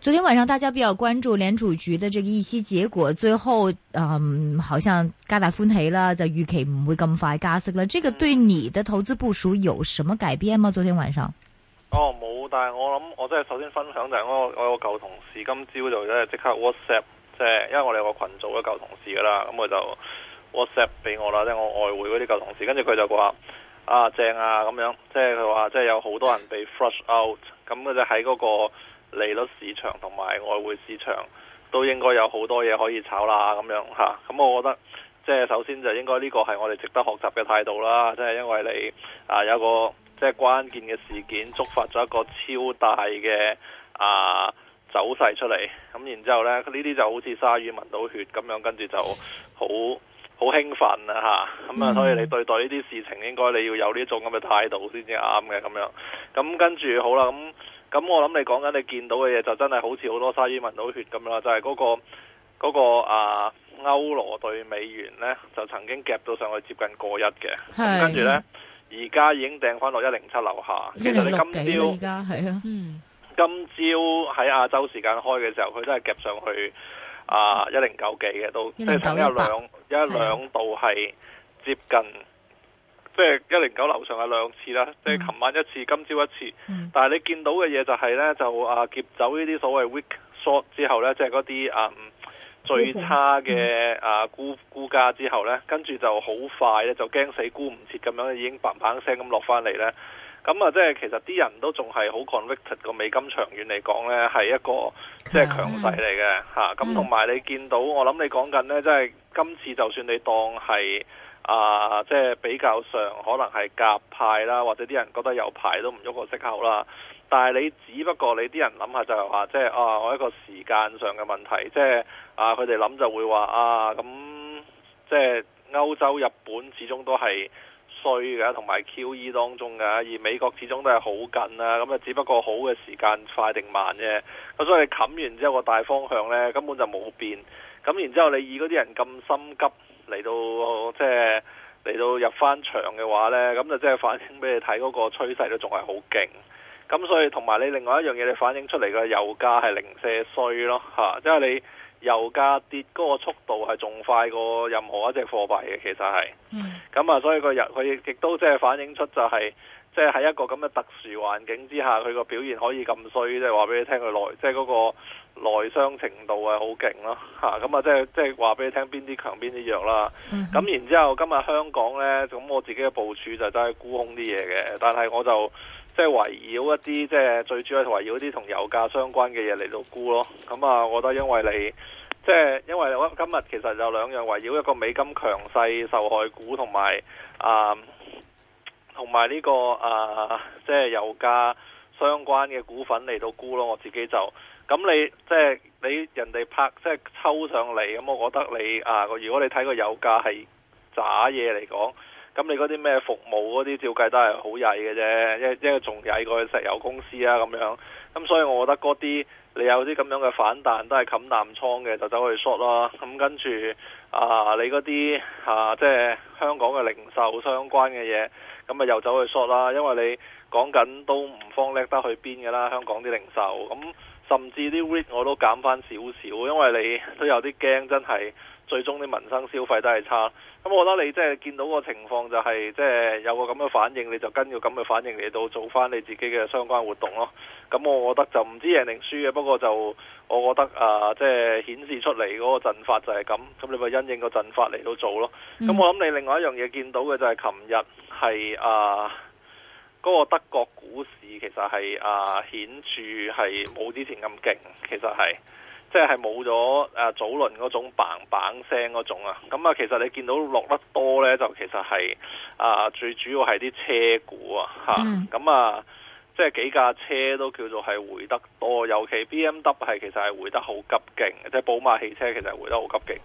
昨天晚上大家比較關注聯儲局的這個議息結果，最後嗯，好像皆大歡喜啦，就預期唔會咁快加息啦。這個對你的投資部署有什麼改變嗎？昨天晚上，哦冇，但係我諗我真係首先分享就係、是、我有個舊同事今朝就即即刻 WhatsApp 即係，因為我哋有個群組嘅舊同事噶啦，咁佢就 WhatsApp 俾我啦，即係我外匯嗰啲舊同事，跟住佢就話啊正啊咁樣，即係佢話即係有好多人被 flush out，咁佢就喺嗰個利率市場同埋外匯市場都應該有好多嘢可以炒啦，咁樣嚇。咁、啊、我覺得即係首先就應該呢個係我哋值得學習嘅態度啦。即係因為你啊有一個即係關鍵嘅事件觸發咗一個超大嘅啊走勢出嚟。咁、啊、然之後呢，呢啲就好似鯊魚聞到血咁樣，跟住就好好興奮啊嚇。咁啊，啊，所以你對待呢啲事情應該你要有呢種咁嘅態度先至啱嘅咁樣。咁、啊、跟住好啦咁。啊咁、嗯、我諗你講緊你見到嘅嘢就真係好似好多鯊魚聞到血咁啦，就係、是、嗰、嗰個嗰、嗰個啊歐羅兌美元呢，就曾經夾到上去接近過一嘅、啊，跟住呢，而家已經掟翻落一零七樓下。其實你今朝，啊，今朝喺亞洲時間開嘅時候，佢都係夾上去啊一零九幾嘅，都即係有兩 680, 一兩度係接近。即係一零九樓上有兩次啦，即係琴晚一次，嗯、今朝一次。但係你見到嘅嘢就係呢，就啊劫走呢啲所謂 weak short 之後呢，即係嗰啲啊最差嘅啊估估價之後呢，跟住就好快呢，就驚死估唔切咁樣，已經砰砰聲咁落返嚟呢。咁啊，即係其實啲人都仲係好 convicted 個美金長遠嚟講呢，係一個即係強勢嚟嘅嚇。咁同埋你見到，嗯、我諗你講緊呢，即係今次就算你當係。啊，即係比較上可能係夾派啦，或者啲人覺得有排都唔喐個息口啦。但係你只不過你啲人諗下就係話，即係啊，我一個時間上嘅問題，即係啊，佢哋諗就會話啊，咁即係歐洲、日本始終都係衰㗎，同埋 QE 當中㗎，而美國始終都係好近啦。咁啊，就只不過好嘅時間快定慢啫。咁所以你冚完之後，個大方向呢，根本就冇變。咁然之後，你以嗰啲人咁心急。嚟到即係嚟到入翻場嘅話呢，咁就即係反映俾你睇嗰個趨勢都仲係好勁，咁所以同埋你另外一樣嘢，你反映出嚟嘅油價係零舍衰咯、啊、即係你。油價跌嗰個速度係仲快過任何一隻貨幣嘅，其實係。嗯。咁啊，所以個油佢亦都即係反映出就係、是，即係喺一個咁嘅特殊環境之下，佢個表現可以咁衰，即係話俾你聽佢內，即係嗰個內傷程度係好勁咯。咁啊，即係即係話俾你聽邊啲強邊啲弱啦。咁、嗯、然之後今日香港呢，咁我自己嘅部署就都係沽空啲嘢嘅，但係我就。即、就、係、是、圍繞一啲即係最主要係圍繞一啲同油價相關嘅嘢嚟到沽咯。咁啊，我覺得因為你即係、就是、因為我今日其實有兩樣圍繞一個美金強勢受害股同埋啊同埋呢個啊即係、就是、油價相關嘅股份嚟到沽咯。我自己就咁你即係、就是、你人哋拍即係、就是、抽上嚟咁，我覺得你啊，如果你睇個油價係渣嘢嚟講。咁你嗰啲咩服務嗰啲照計都係好曳嘅啫，因為因為仲曳過石油公司啊咁樣。咁、嗯、所以我覺得嗰啲你有啲咁樣嘅反彈都係冚淡倉嘅，就走去 short 啦。咁、嗯、跟住啊，你嗰啲啊，即、就、係、是、香港嘅零售相關嘅嘢，咁、嗯、咪又走去 short 啦。因為你講緊都唔方叻得去邊嘅啦，香港啲零售。咁、嗯、甚至啲 rate 我都減返少少，因為你都有啲驚真係。最終啲民生消費都係差，咁我覺得你即係見到個情況就係，即係有個咁嘅反應，你就跟住咁嘅反應嚟到做翻你自己嘅相關活動咯。咁我覺得就唔知贏定輸嘅，不過就我覺得啊，即係顯示出嚟嗰個陣法就係咁，咁你咪因應個陣法嚟到做咯。咁我諗你另外一樣嘢見到嘅就係，琴日係啊嗰個德國股市其實係啊顯著係冇之前咁勁，其實係。即係冇咗誒早輪嗰種嘭嘭聲嗰種啊，咁啊其實你見到落得多呢，就其實係啊最主要係啲車股啊嚇，咁啊，嗯，啊即係幾架車都叫做係回得多，尤其 BMW 係其實係回得好急勁，即係寶馬汽車其實回得好急勁，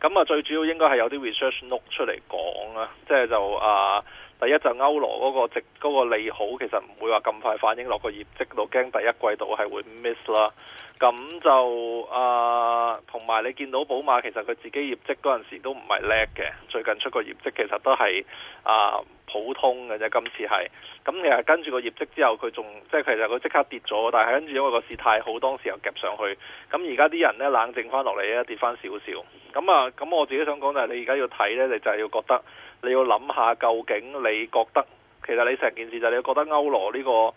咁啊最主要應該係有啲 research note 出嚟講啊，即係就啊。第一就是、歐羅嗰、嗰個值、嗰個、利好，其實唔會話咁快反映落個業績度，驚第一季度係會 miss 啦。咁就啊，同、呃、埋你見到寶馬其實佢自己業績嗰陣時都唔係叻嘅，最近出個業績其實都係啊、呃、普通嘅啫，今次係咁其實跟住個業績之後，佢仲即係其實佢即刻跌咗，但係跟住因為個市太好，當時又夾上去。咁而家啲人咧冷靜翻落嚟咧，跌翻少少。咁啊，咁我自己想講就係你而家要睇咧，你就係要覺得。你要諗下，究竟你覺得其實你成件事就係你覺得歐羅、這個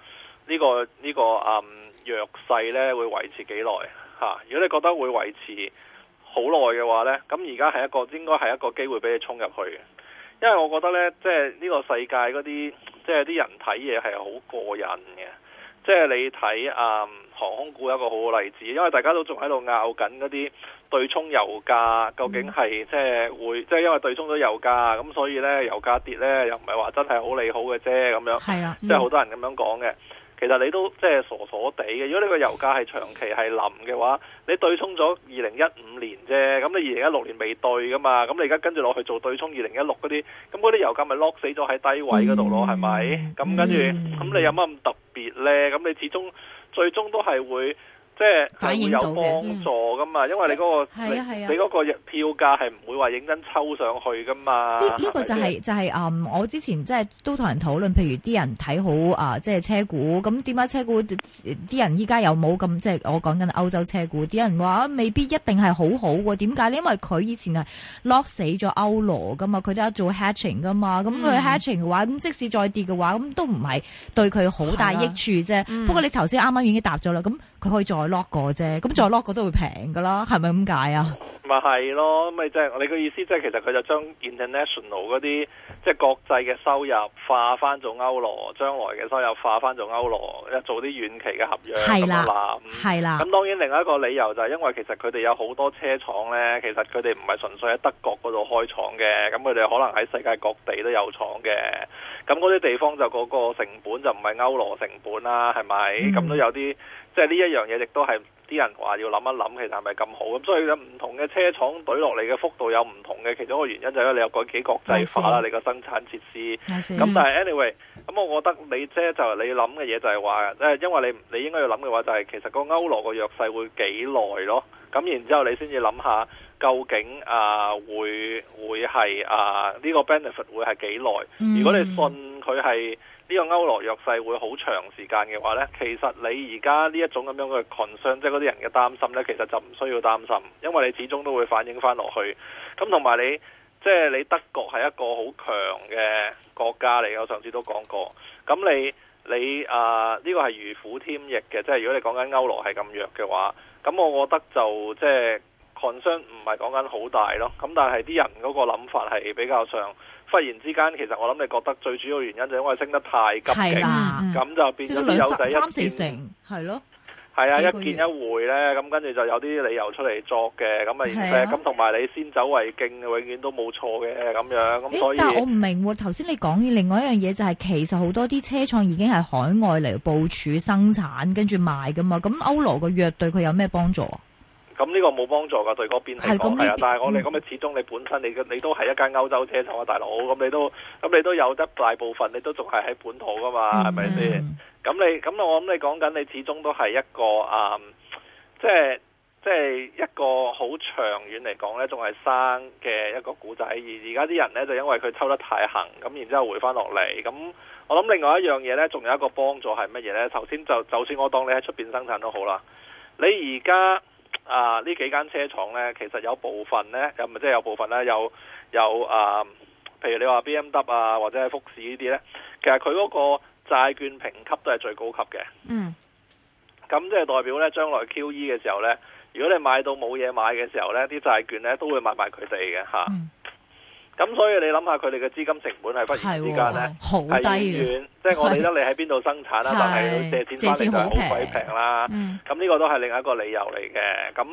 這個這個嗯、呢個呢個呢個誒弱勢呢會維持幾耐嚇？如果你覺得會維持好耐嘅話呢，咁而家係一個應該係一個機會俾你衝入去嘅，因為我覺得呢，即係呢個世界嗰啲即係啲人睇嘢係好過癮嘅。即、就、係、是、你睇啊、嗯，航空股有一個好好例子，因為大家都仲喺度拗緊嗰啲對沖油價，究竟係即係會即係、就是、因為對沖咗油價，咁所以呢，油價跌呢，又唔係話真係好利好嘅啫咁樣，係啊，即係好多人咁樣講嘅。其實你都即係傻傻地嘅。如果呢個油價係長期係冧嘅話，你對沖咗二零一五年啫，咁你二零一六年未對噶嘛？咁你而家跟住落去做對沖二零一六嗰啲，咁嗰啲油價咪 lock 死咗喺低位嗰度咯？係、嗯、咪？咁、嗯、跟住，咁你有乜咁特別呢？咁你始終最終都係會。即係反映到嘅，幫助噶嘛，嗯、因為你嗰、那個，嗯、你嗰、那個、個票價係唔會話影緊抽上去噶嘛。呢、這個就係、是、就係、是、啊、嗯，我之前即係都同人討論，譬如啲人睇好啊，即係車股，咁點解車股啲人依家又冇咁即係我講緊歐洲車股啲人話未必一定係好好喎？點解因為佢以前係 lock 死咗歐羅噶嘛，佢哋做 hedging 噶嘛，咁、嗯、佢 hedging 嘅話，咁即使再跌嘅話，咁都唔係對佢好大益處啫、啊嗯。不過你頭先啱啱已經答咗啦，咁佢可以再。lock 過啫，咁再 lock 過都會平噶啦，係咪咁解啊？咪係咯，咪即係你個意思、就是，即係其實佢就將 international 嗰啲即係國際嘅收入化翻做歐羅，將來嘅收入化翻做歐羅，做啲遠期嘅合約咁啊啦，咁當然另外一個理由就係、是、因為其實佢哋有好多車廠咧，其實佢哋唔係純粹喺德國嗰度開廠嘅，咁佢哋可能喺世界各地都有廠嘅，咁嗰啲地方就嗰個成本就唔係歐羅成本啦，係咪？咁、嗯、都有啲，即係呢一樣嘢亦都係。啲人話要諗一諗，其實係咪咁好咁？所以有唔同嘅車廠懟落嚟嘅幅度有唔同嘅，其中一個原因就係因為你有改幾國際化啦，你個生產設施。咁但係 anyway，咁我覺得你啫、就係，你諗嘅就你諗嘅嘢就係話誒，因為你你應該要諗嘅話就係、係，其實個歐羅個弱勢會幾耐咯？咁然之後你先至諗下，究竟啊會會係啊呢、呢個 benefit 會係幾耐？如果你信佢係。嗯呢個歐羅弱勢會好長時間嘅話呢，其實你而家呢一種咁樣嘅 concern，即係嗰啲人嘅擔心呢，其實就唔需要擔心，因為你始終都會反映翻落去。咁同埋你，即係你德國係一個好強嘅國家嚟，我上次都講過。咁你你啊，呢個係如虎添翼嘅，即係如果你講緊歐羅係咁弱嘅話，咁我覺得就即係。就是寒張唔係講緊好大咯，咁但係啲人嗰個諗法係比較上忽然之間，其實我諗你覺得最主要原因就因為升得太急嘅，咁就變咗有三四成，係咯，係啊，一見一回咧，咁跟住就有啲理由出嚟作嘅，咁咁同埋你先走為敬，永遠都冇錯嘅咁樣。咁、欸、所以，但係我唔明喎，頭先你講嘅另外一樣嘢就係其實好多啲車廠已經係海外嚟部署生產，跟住賣噶嘛，咁歐羅嘅藥對佢有咩幫助啊？咁、這、呢個冇幫助噶，對嗰邊嚟講係啊，但係我哋咁你始終你本身你你都係一間歐洲車廠啊，大佬咁你都咁你都有得大部分你都仲係喺本土噶嘛，係咪先？咁、嗯、你咁我諗你講緊你始終都係一個啊、嗯，即係即係一個好長遠嚟講呢仲係生嘅一個古仔。而而家啲人呢，就因為佢抽得太行，咁然之後回返落嚟。咁我諗另外一樣嘢呢，仲有一個幫助係乜嘢呢？頭先就就算我當你喺出邊生產都好啦，你而家。啊！呢幾間車廠呢，其實有部分呢，又唔即係有部分呢，有有啊，呃，譬如你話 BMW 啊，或者係福士呢啲呢，其實佢嗰個債券評級都係最高級嘅。嗯，咁即係代表呢，將來 QE 嘅時候呢，如果你買到冇嘢買嘅時候呢，啲債券呢都會買埋佢哋嘅吓。啊嗯咁所以你諗下佢哋嘅資金成本係忽然之間咧、哦，好低啊！即係我理得你喺邊度生產啦，但係借錢翻嚟就係好鬼平啦。咁、嗯、呢個都係另一個理由嚟嘅。咁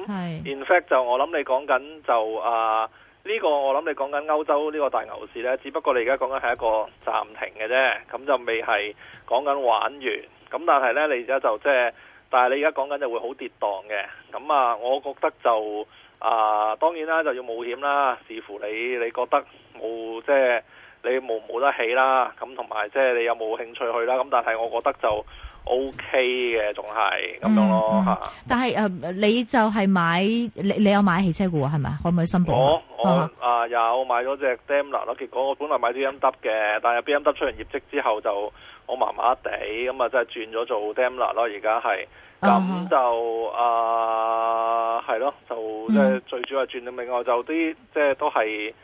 in fact 就我諗你講緊就啊呢、呃這個我諗你講緊歐洲呢個大牛市咧，只不過你而家講緊係一個暫停嘅啫，咁就未係講緊玩完。咁但係咧，你而家就即係，但係你而家講緊就會好跌蕩嘅。咁啊，我覺得就。啊，當然啦，就要冒險啦。視乎你，你覺得冇即係你冒唔冒得起啦。咁同埋即係你有冇興趣去啦。咁但係我覺得就 OK 嘅，仲係咁樣咯、嗯嗯、但係誒、呃，你就係買你你有買汽車股係咪？可唔可以申報、啊？我我、嗯、啊，啊有我買咗隻 Daimler 囉。結果我本來買啲 BMW 嘅，但係 BMW 出完業績之後就我麻麻地咁啊，即係轉咗做 Daimler 咯。而家係。咁就啊，係、啊、咯，就即係、嗯、最主要係轉到另外，就啲即係都係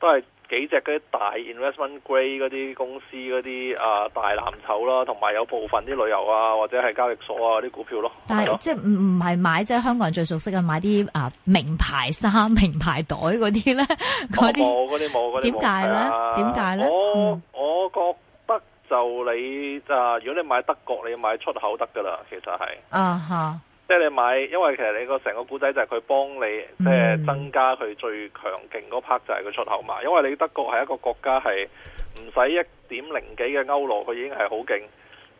都係幾隻嗰啲大 investment grade 嗰啲公司嗰啲啊大藍籌啦，同埋有、有部分啲旅遊啊或者係交易所啊啲股票咯。但係即係唔唔係買即係香港人最熟悉嘅買啲啊名牌衫、名牌袋嗰啲咧，嗰啲冇嗰啲冇，點解咧？點解咧？我我覺。就你啊！如果你買德國，你要買出口得噶啦，其實係啊吓。即、uh-huh. 係你買，因為其實你個成個古仔就係佢幫你，即、就、係、是、增加佢最強勁嗰 part 就係佢出口嘛。因為你德國係一個國家係唔使一點零幾嘅歐羅，佢已經係好勁。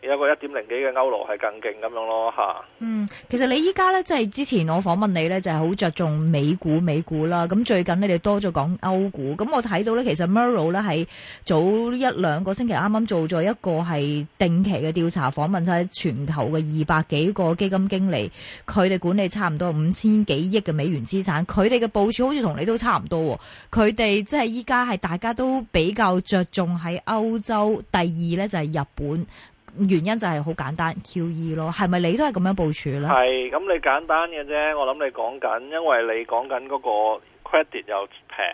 有一個一點零幾嘅歐羅係更勁咁樣咯嚇。嗯，其實你依家呢，即係之前我訪問你呢，就係好着重美股，美股啦。咁最近你哋多咗講歐股。咁我睇到呢，其實 Merrill 呢，咧喺早一兩個星期啱啱做咗一個係定期嘅調查訪問，就係全球嘅二百幾個基金經理，佢哋管理差唔多五千幾億嘅美元資產。佢哋嘅部署好似同你都差唔多。佢哋即係依家係大家都比較着重喺歐洲，第二呢，就係日本。原因就係好簡單，QE 咯，係咪你都係咁樣部署呢？係咁，那你簡單嘅啫。我諗你講緊，因為你講緊嗰個 credit 又平，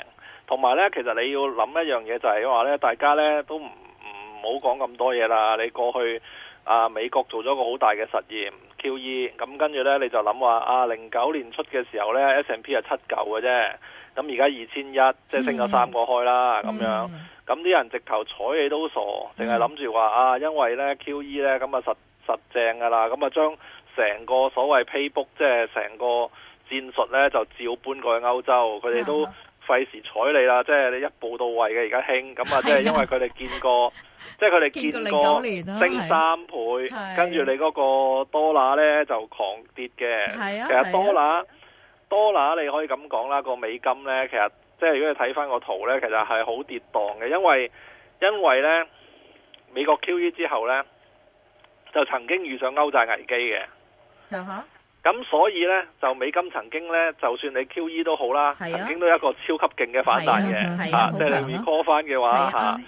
同埋呢，其實你要諗一樣嘢就係話呢，大家呢都唔唔好講咁多嘢啦。你過去啊美國做咗個好大嘅實驗 QE，咁跟住呢，你就諗話啊零九年出嘅時候呢 S&P 係七九嘅啫。咁而家二千一，即係升咗三個開啦，咁、嗯、樣，咁、嗯、啲人直頭睬你都傻，淨係諗住話啊，因為呢 QE 呢，咁啊實實正㗎啦，咁啊將成個所謂 playbook 即係成個戰術呢，就照搬過去歐洲，佢哋都費事睬你啦，即、就、係、是、你一步到位嘅而家興，咁啊即係因為佢哋見過，即係佢哋見過升三倍，跟住你嗰個多拿呢，就狂跌嘅，其實多拿。多啦，你可以咁講啦。個美金呢，其實即係如果你睇翻個圖呢，其實係好跌宕嘅，因為因為呢美國 QE 之後呢，就曾經遇上歐債危機嘅。咁、啊、所以呢，就美金曾經呢，就算你 QE 都好啦、啊，曾經都有一個超級勁嘅反彈嘅嚇，即係、啊啊啊啊啊啊、你 recall 翻嘅話嚇。咁、啊啊啊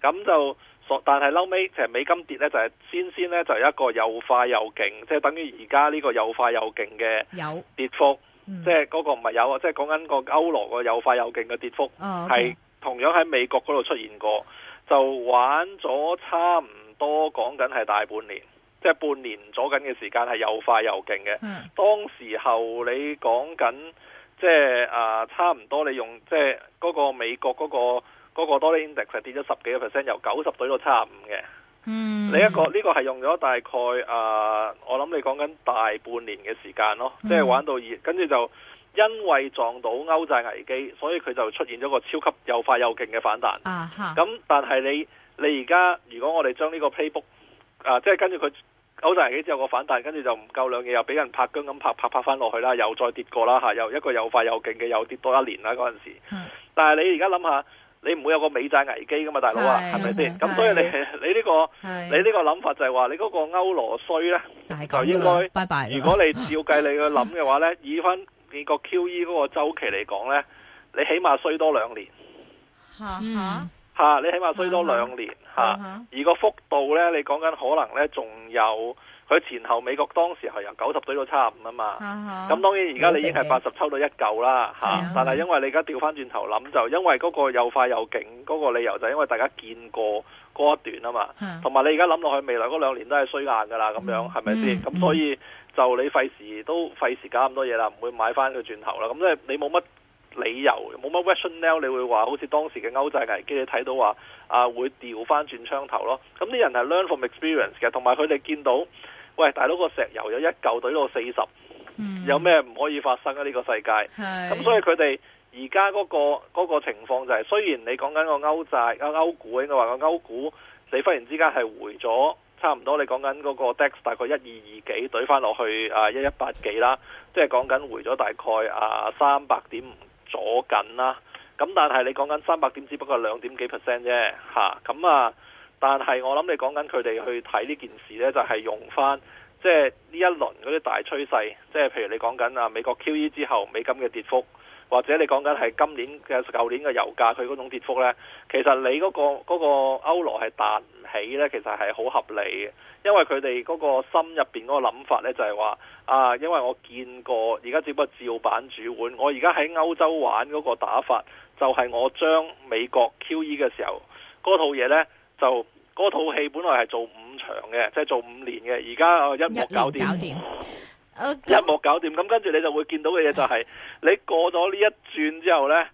嗯、就但係嬲尾其實美金跌呢，就係、是、先先呢，就係一個又快又勁，即、就、係、是、等於而家呢個又快又勁嘅跌幅。即係嗰個唔係有啊，即係講緊個歐羅個有快有勁嘅跌幅，係、哦 okay、同樣喺美國嗰度出現過，就玩咗差唔多講緊係大半年，即、就、係、是、半年左緊嘅時間係又快又勁嘅、嗯。當時候你講緊即係啊，差唔多你用即係嗰個美國嗰、那個多利、那個、index 跌咗十幾個 percent，由九十對到七十五嘅。嗯，呢、這、一個呢、這個係用咗大概誒、呃，我諗你講緊大半年嘅時間咯，即、嗯、係、就是、玩到二，跟住就因為撞到歐債危機，所以佢就出現咗個超級又快又勁嘅反彈。咁、啊嗯、但係你你而家如果我哋將呢個 Playbook 即、呃、係跟住佢歐債危機之後個反彈，跟住就唔夠兩嘢，又俾人拍僵咁拍拍拍翻落去啦，又再跌過啦吓，又一個又快又勁嘅又跌多一年啦嗰陣時。嗯、但係你而家諗下。你唔會有個美債危機噶嘛，大佬啊，係咪先？咁所以你你呢、呢個你呢個諗法就係話你嗰個歐羅衰咧、就是，就應該拜拜。如果你照計你去諗嘅話咧， 以翻你個 QE 嗰個週期嚟講咧，你起碼衰多兩年。嚇、嗯、嚇！嗯啊、你起碼衰多兩年，啊啊、而個幅度咧，你講緊可能咧，仲有佢前後美國當時係由九十衰到七十五啊嘛。咁、啊啊、當然而家你已經係八十抽到一嚿啦，啊啊、但係因為你而家調翻轉頭諗就，因為嗰個又快又勁，嗰、嗰個理由就因為大家見過嗰一段啊嘛。同、啊、埋、啊、你而家諗落去未來嗰兩年都係衰硬㗎啦，咁、嗯、樣係咪先？咁、嗯、所以就你費事都費時間咁多嘢啦，唔會買翻佢轉頭啦。咁即係你冇乜。理由冇乜 rationale，你會話好似當時嘅歐債危機，你睇到話啊會調翻轉槍頭咯。咁啲人係 learn from experience 嘅，同埋佢哋見到喂大佬個石油有一嚿對到四十，嗯、有咩唔可以發生啊？呢、這個世界咁、嗯、所以佢哋而家嗰個嗰、那個、情況就係、是，雖然你講緊個歐債歐歐股應該話講歐股，你忽然之間係回咗差唔多，你講緊嗰個 DAX 大概一二二幾，對翻落去啊一一八幾啦，即係講緊回咗大概啊三百點五。阻緊啦，咁但係你講緊三百點，只不過兩點幾 percent 啫，嚇咁啊！但係我諗你講緊佢哋去睇呢件事呢，就係用翻即係呢一輪嗰啲大趨勢，即係譬如你講緊啊美國 QE 之後美金嘅跌幅。或者你講緊係今年嘅舊年嘅油價，佢嗰種跌幅呢？其實你嗰、嗰個嗰、嗰個歐羅係彈唔起呢，其實係好合理嘅，因為佢哋嗰個心入面嗰個諗法呢，就係、是、話啊，因為我見過而家只不過照板煮碗，我而家喺歐洲玩嗰個打法就係、是、我將美國 QE 嘅時候嗰套嘢呢，就嗰套戲本來係做五場嘅，即、就、係、是、做五年嘅，而家一幕搞掂。一幕搞掂，咁跟住你就會見到嘅嘢就係、是，你過咗呢一轉之後呢，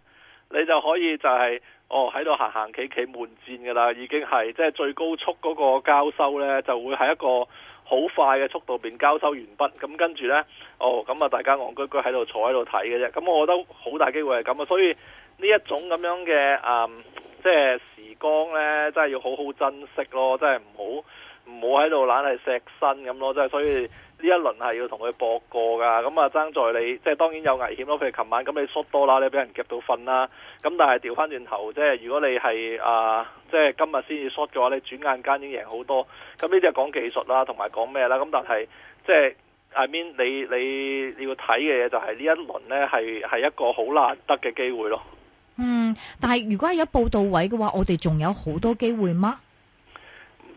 你就可以就係、是，哦喺度行行企企門戰噶啦，已經係即係最高速嗰個交收呢，就會喺一個好快嘅速度變交收完畢，咁跟住呢，哦咁啊，大家戇居居喺度坐喺度睇嘅啫，咁我覺得好大機會係咁啊，所以呢一種咁樣嘅、嗯、即係時光呢，真係要好好珍惜咯，真係唔好唔好喺度懶係錫身咁咯，真係所以。呢一輪係要同佢搏過㗎，咁啊爭在你，即係當然有危險咯。譬如琴晚咁你 short 多啦，你俾人夾到瞓啦。咁但係調翻轉頭，即係如果你係啊、呃，即係今日先至 short 嘅話，你轉眼間已經贏好多。咁呢啲係講技術啦，同埋講咩啦？咁但係即係 I mean，你你要睇嘅嘢就係呢一輪呢，係係一個好難得嘅機會咯。嗯，但係如果係一步到位嘅話，我哋仲有好多機會嗎？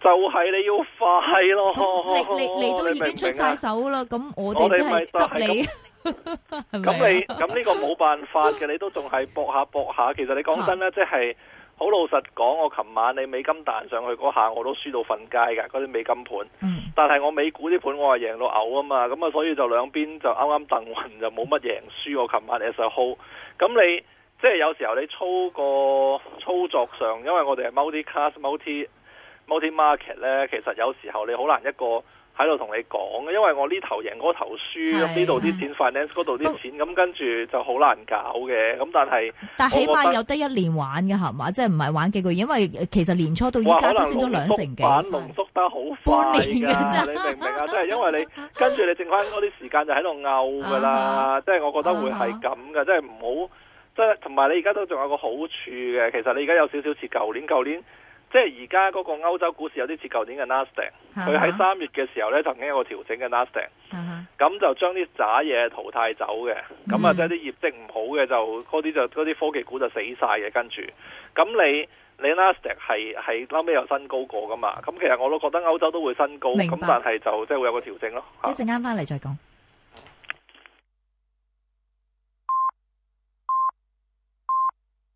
就係、是，你要快咯，你呵呵你你都已經出晒手啦，咁我哋就係執咁你咁呢 個冇辦法嘅， 你都仲係搏下搏下。其實你講真咧，即係好老實講，我琴晚你美金彈上去嗰下，我都輸到瞓街噶嗰啲美金盤、嗯。但係我美股啲盤，我係贏到嘔啊嘛。咁啊，所以就兩邊就啱啱掟勻就冇乜贏輸，我琴晚 as a whole。咁你即係、就是、有時候你操個操作上，因為我哋係 multi class multi。multi market 咧，其實有時候你好難一個喺度同你講嘅，因為我呢頭贏嗰頭輸，咁呢度啲錢 finance 嗰度啲錢，咁跟住就好難搞嘅。咁但係，但係起碼有得一年玩嘅係嘛？即係唔係玩幾個月？因為其實年初到依家都升咗兩成嘅，都復得好快嘅，你明唔明啊？即 係因為你跟住你剩翻嗰啲時間就喺度拗㗎啦。Uh-huh，即係我覺得會係咁嘅，即係唔好即係同埋你而家都仲有個好處嘅。其實你而家有少少似舊年，舊年。即係而家嗰個歐洲股市有啲似舊年嘅 Nasdaq，佢喺三月嘅時候咧，曾經有個調整嘅 Nasdaq，咁就將啲渣嘢淘汰走嘅，咁啊即係啲業績唔好嘅就嗰啲就嗰啲科技股就死晒嘅，跟住，咁你你 Nasdaq 係係後尾有新高過噶嘛？咁其實我都覺得歐洲都會新高，咁但係就即係會有個調整咯。一陣間翻嚟再講。